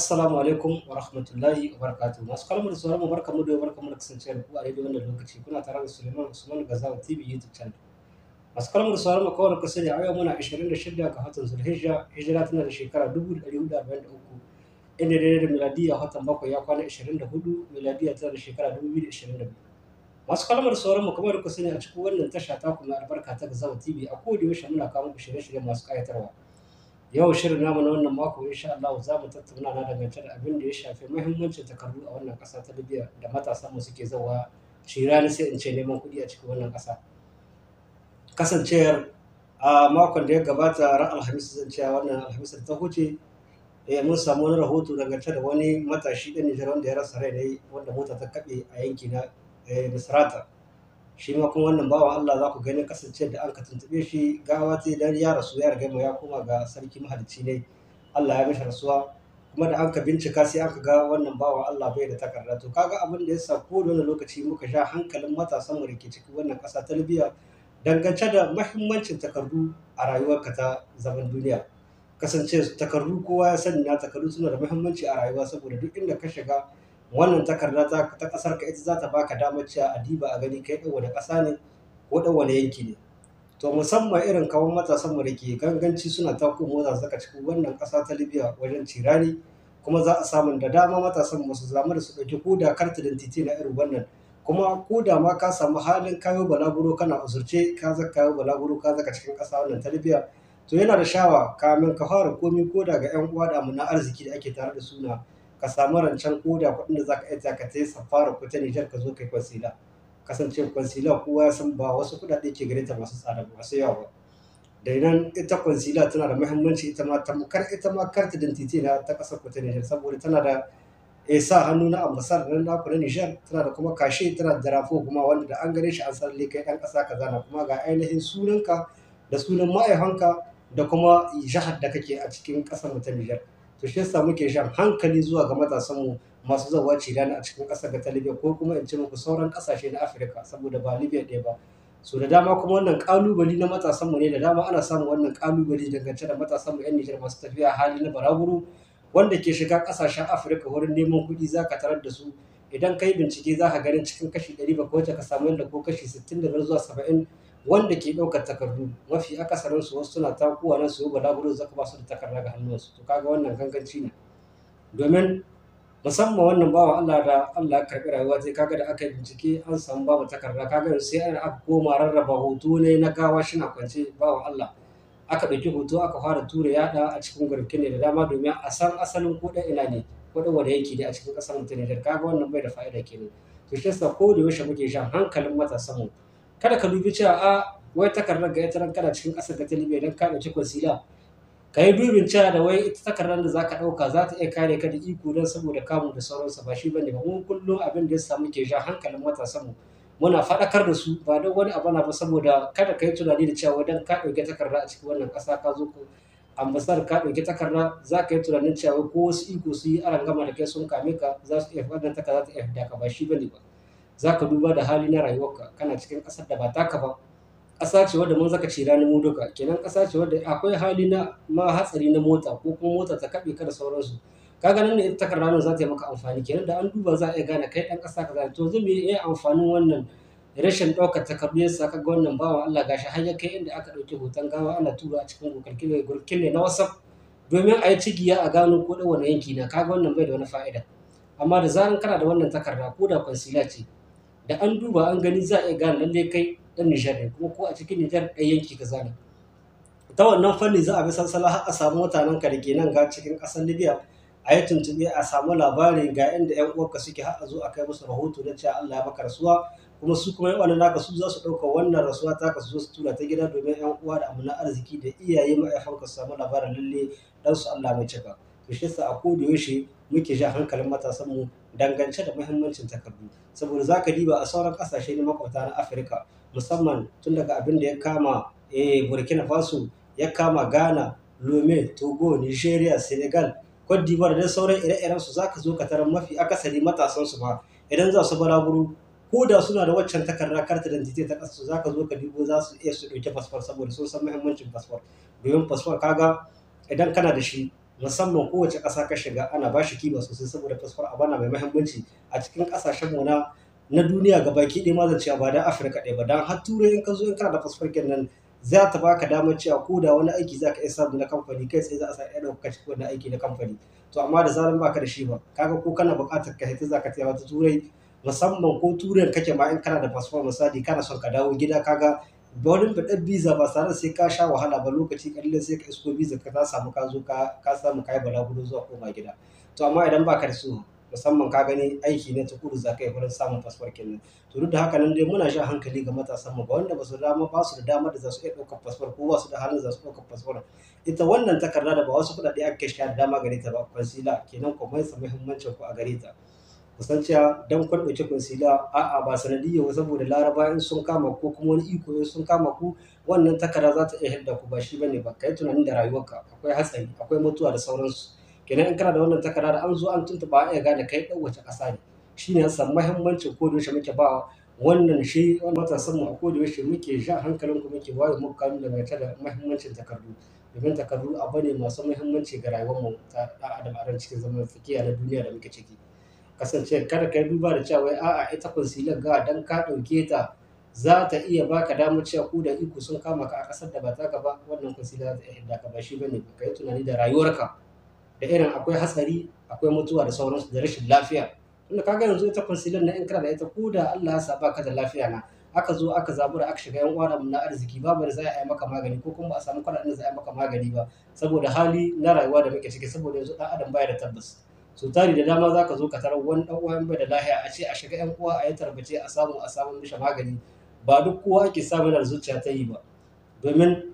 assalamu alaikum wa rahmatullahi wa barakatuhu masu kalmar da haramu barka mu da barka mu da kasancewa ku a daidai wannan lokaci kuna tare da Suleiman Usman Gaza TV YouTube channel masu kalmar su haramu kawai ka sani a yau muna 26 ga watan Zulhijja hijira tana da shekara 1443 inda daidai da miladiya watan bakwai ya kwana 24 miladiya tana da shekara 2022 masu kalmar su haramu kamar sani a cikin wannan tasha ta kuma albarka ta Gazawa TV a kowace yaushe muna kawo muku shirye-shirye masu kayatarwa yau shirin namu na wannan mako insha Allah za mu tattauna na dangance da abin da ya shafi muhimmancin takardu a wannan ƙasa ta Libya da matasa mu suke zawa shi rana sai in ce neman kuɗi a cikin wannan ƙasa kasancewar a makon da ya gabata ran alhamis zan ce wannan alhamis ta huce eh, mun samu wani rahoto dangance da wani matashi ɗan Nijar wanda ya rasa rai ne wanda mota ta kaɓe a yanki na eh, Misrata. shi ma kuma wannan bawan Allah za ku gani kasance da an ka tuntube shi gawa ce dan ya rasu ya riga ya koma ga sarki mahalicci ne Allah ya mishi rasuwa kuma da an ka bincika sai aka ga wannan bawan Allah bai da takarda to kaga abin da ya sa ko da lokaci muka sha hankalin matasan mu ke cikin wannan kasa ta Libya dangance da muhimmancin takardu a ka ta zaman duniya kasance takardu kowa ya sani na takardu suna da muhimmanci a rayuwa saboda duk inda ka shiga wannan takarda ta kasar ka ita za ta baka damar cewa a diba a gani kai ɗan wani ƙasa ne ko ɗan wani yanki ne to musamman irin kawan matasan mu da ke ganganci suna tako motsa zaka cikin wannan ƙasa ta libya wajen cirani kuma za a samu da dama matasan mu su zama da su ɗauki koda karta identity na irin wannan kuma ko da ma ka samu halin kayo balaguro kana usurce ka zaka kayo balaguro ka zaka cikin ƙasa wannan ta libya to yana da shawa kamin ka fara komi ko daga yan uwa da mu na arziki da ake tare da suna ka samu rancen koda kuɗin da za zaka iya ka tsaye safara ko ta Nijar ka zo kai kwansila kasance kwansila kowa ya san ba wasu kuɗaɗe ke gare ta masu tsada ba masu yawa ba da idan ita kwansila tana da muhimmanci ita ma tamkar ita ma karta identity na ta ƙasar ko ta Nijar saboda tana da eh, sa hannu na ambasar na naku na Nijar tana da kuma kashe tana da rafo kuma wanda da an gare shi an san kai ɗan ƙasa kaza na kuma ga ainihin sunanka da sunan ma'aihanka da kuma jihar da kake a cikin ƙasar ta Nijar. to shi yasa muke shan hankali zuwa ga matasanmu masu zawa cirani a cikin ƙasar ta libya ko kuma in ce muku sauran ƙasashe na afirka saboda ba libya ɗaya ba so da dama kuma wannan kalubali na matasanmu ne da dama ana samun wannan ƙalubali dangance da matasanmu 'yan nijar masu tafiya hali na baraguru wanda ke shiga ƙasashen afirka wurin neman kuɗi za ka tarar da su idan kai bincike za ka ganin cikin kashi ɗari ba ko ka samu yadda ko kashi sittin da zuwa saba'in wanda ke ɗaukar takardu mafi akasarin su wasu suna takuwa na su yi balaguro zaka ba su da takarda ga hannunsu to kaga wannan ganganci ne domin musamman wannan bawa Allah da Allah karɓi rayuwa sai kaga da aka bincike an samu babu takarda kaga sai an aka koma rarraba hoto ne na gawa shi na kwance bawa Allah aka ɗauki hoto aka fara tura yaɗa a cikin garke ne da dama domin a san asalin kuɗin ina ne kuɗin wanda yake ne a cikin ƙasar mutane da kaga wannan bai da fa'ida kenan to shi ko da yaushe muke shan hankalin matasan mu kada ka dubi cewa a ah, wai takardar ga ta kana cikin ƙasar ka ta libya don ka ɗauki kwasila ka yi dubin cewa da wai ita takardar da za ka ɗauka za ta iya kare ka da iko don saboda kamu da sauransa ba shi ba ne ba mun kullum abin da ya samu ke ja hankalin mu muna faɗakar da su ba don wani abana ba saboda kada ka yi tunani da cewa dan ka ɗauki takarda a cikin wannan ƙasa ka zo ko ambasar ka ɗauki takarda za ka yi tunanin cewa ko wasu iko su yi gama da kai sun kame ka za su iya faɗin takarda ta iya ka ba shi ba ne ba za ka duba da hali na rayuwarka kana cikin ƙasar da ba taka ba ƙasa ce wadda mun zaka ce ranar mu kenan ƙasa ce wadda akwai hali na ma hatsari na mota ko kuma mota ta kaɓe ka da sauransu kaga nan ne ita takardar za ta yi maka amfani kenan da an duba za a iya gane kai ɗan ƙasa kaza to zai iya amfanin wannan rashin ɗaukar takardu ya ka ga wannan bawan Allah gashi har ya kai inda aka ɗauki hoton gawa ana tura a cikin gurkirkile gurkirkile na wasaf domin a yi cigiya a gano ko da wani yanki na kaga wannan bai da wani fa'ida amma da zaran kana da wannan takarda ko da kwansila ce da an duba an gani za a iya gane lallai kai dan nijar ne kuma ko a cikin nijar ɗan yanki kaza ne ta wannan fanni za a bi sansala har a samu mutanen ka da ke nan ga cikin ƙasar libya a yi tuntuɓe a samu labarin ga inda yan uwarka suke har a zo a kai musu rahoto na cewa Allah ya maka rasuwa kuma su kuma yawan naka su za su ɗauka wannan rasuwa ta ka su zo su tura ta gida domin yan uwa da amina arziki da iyaye ma'aifanka su samu labarin lalle dan su Allah mai cika to shi yasa a koda yaushe muke ja hankalin matasan mu dangance da muhimmancin takardu saboda za ka diba a sauran kasashe na makwabta na afirka musamman tun daga abin da ya kama eh, burkina faso ya kama ghana lome togo nigeria senegal cote d'ivoire da sauran ire-iren su za ka zo ka tarar mafi akasari matasan su ba idan za su balaguro ko da suna da waccan takarda karta identity ta kasu za ka zo ka dubo za su iya su dauke fasfar saboda sun san muhimmancin fasfar domin fasfar kaga idan kana da shi musamman kowace ƙasa ka shiga ana ba shi kima sosai saboda fasfar abu na mai mahimmanci a cikin ƙasashen mu na duniya duniya baki ɗaya ma zan ce ba dan Afirka ɗaya ba dan har turai in ka zo in kana da fasfar nan za ta baka damar cewa ko da wani aiki za ka iya samu na kamfani kai tsaye za a sa ɗaya ɗaukaka cikin wannan aiki na kamfani to amma da zaran baka da shi ba kaga ko kana buƙatar ka haita za ka tsaya wata turai musamman ko turai kake ma in kana da fasfar misali kana son ka dawo gida kaga baurin faɗar visa ba tare sai ka sha wahala ba lokaci kalilan sai ka isko visa ka ta samu ka zo ka samu ka yi balaguro zuwa koma gida to amma idan ba ka da su musamman ka gani aiki ne ta kudu za ka yi wurin samun fasfar kenan to duk da haka nan dai muna sha hankali ga matasan mu ba wanda ba su dama ba su da dama da za su iya ɗaukar fasfar ko ba su da halin za su ɗaukar fasfar ita wannan takarda da ba wasu kuɗaɗe aka sha da dama gare ta ba kwansila kenan kuma muhimmancin ku a gare ta san cewa dan kwan ɗauki concealer a'a ba sanadiyya ba saboda laraba in sun kama ko kuma wani iko in sun kama ku wannan takarda za ta iya hidda ku ba shi bane ba kai tunanin da ka akwai hatsari akwai mutuwa da sauransu kenan in kana da wannan takarda da an zo an tuntuɓa an iya gane kai ɗan wace ƙasa ne shine san muhimmancin ko da muke ba wannan shi matasan mu a ko da yaushe muke ja hankalin ku muke wayo muku kanu da mai da muhimmancin takardu domin takardu abu ne masu muhimmanci ga rayuwar mu ta adam a cikin zaman tsakiya na duniya da muke ciki kasance kada kai duba da cewa a ita concealer ga dan ka dauke ta za ta iya baka damar cewa ku da iko sun kama ka a kasar da ba za ka ba wannan concealer za ta iya ka ba shi bane ka yi tunani da rayuwarka da irin akwai hatsari akwai mutuwa da sauransu da rashin lafiya tunda kaga yanzu ita concealer na in da ita ku da Allah ya saba ka da lafiya na aka zo aka zabura aka shiga yan uwa na arziki babu da za a yi maka magani ko kuma a samu kwanan da za a yi maka magani ba saboda hali na rayuwa da muke ciki saboda yanzu dan adam baya da tabbas so tari da dama za ka zo ka tarar wani dan uwan bai da lahiya a ce a shiga yan uwa a yi tarbace a samu a samu mishi magani ba duk kowa ake samun da zuciya ta yi ba domin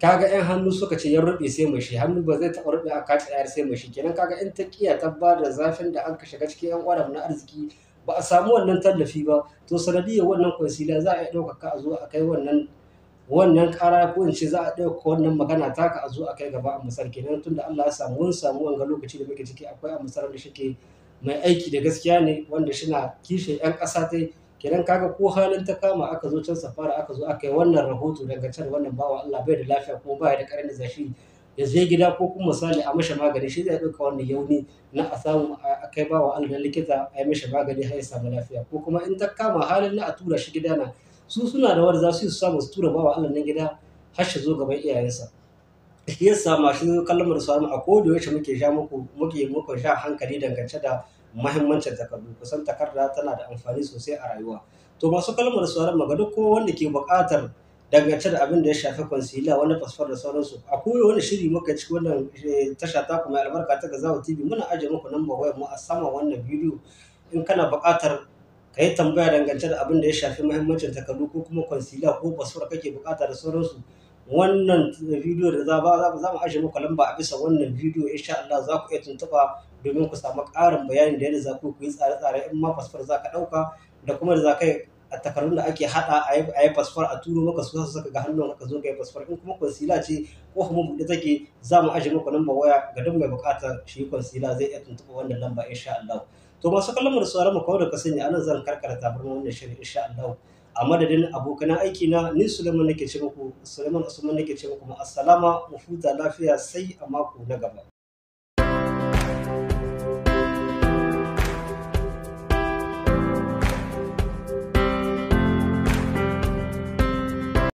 kaga yan hannu suka ce ya rube sai mai shi hannu ba zai taɓa rubi a kaci ɗayar sai mai shi kenan kaga in ta kiya ta ba da zafin da an ka shiga cikin yan uwa na arziki ba a samu wannan tallafi ba to sanadiyar wannan kwansila za a iya ɗaukaka a zo a kai wannan wannan ƙara ko in ce za a ɗauka wannan magana taka a zo a kai gaba a nan kenan tunda Allah ya samu mun samu wanga lokaci da muke ciki akwai a misal da shike mai aiki da gaskiya ne wanda shina kishe yan ƙasa ta kenan kaga ko halin ta kama aka zo can safara aka zo aka yi wannan rahoto daga can wannan bawa Allah bai da lafiya ko ba da ƙarin zafi ya je gida ko kuma misali a mashi magani shi zai ɗauka wannan yauni na a samu a kai bawa Allah likita a yi mashi magani har ya samu lafiya ko kuma in ta kama halin na a tura shi gida na su suna da wani za su yi su samu su tura bawa Allah nan gida har shi zo gaban iyayensa yasa masu kallon da a da yaushe muke sha muku muke muku sha hankali dangance da muhimmancin takardu kusan takarda tana da amfani sosai a rayuwa to masu kallon su samu ga duk kowa wanda ke bukatar dangance da abin da ya shafi concealer wani fasfar da sauransu a koyo wani shiri muka ci wannan eh, tasha ta kuma albarka ta zawo tv muna ajiye muku nan wayar mu a sama wannan bidiyo in kana bukatar. ka yi tambaya dangance da abin da ya shafi muhimmancin takardu ko kuma concealer ko basura kake bukata da sauransu wannan bidiyo da za mu ajiye muku lamba a bisa wannan bidiyo insha Allah za ku iya tuntuba domin ku samu ƙarin bayani da yadda za ku yi tsare-tsare in ma fasfar za ka ɗauka da kuma da za ka a takardun da ake haɗa a yi fasfar a turo maka su su saka ga hannun ka zo ga fasfar in kuma concealer ce ko kuma buɗe take za mu ajiye muku lamba waya ga duk mai bukatar shi concealer zai iya tuntuba wannan lamba insha Allah. to masu kallon mu sauran mu kawo da ka sani anan zan karkara tabarmar wannan shiri insha Allah a madadin abokan aiki na ni Suleiman nake ce muku Suleiman Usman nake ce muku assalamu mu futa lafiya sai a mako na gaba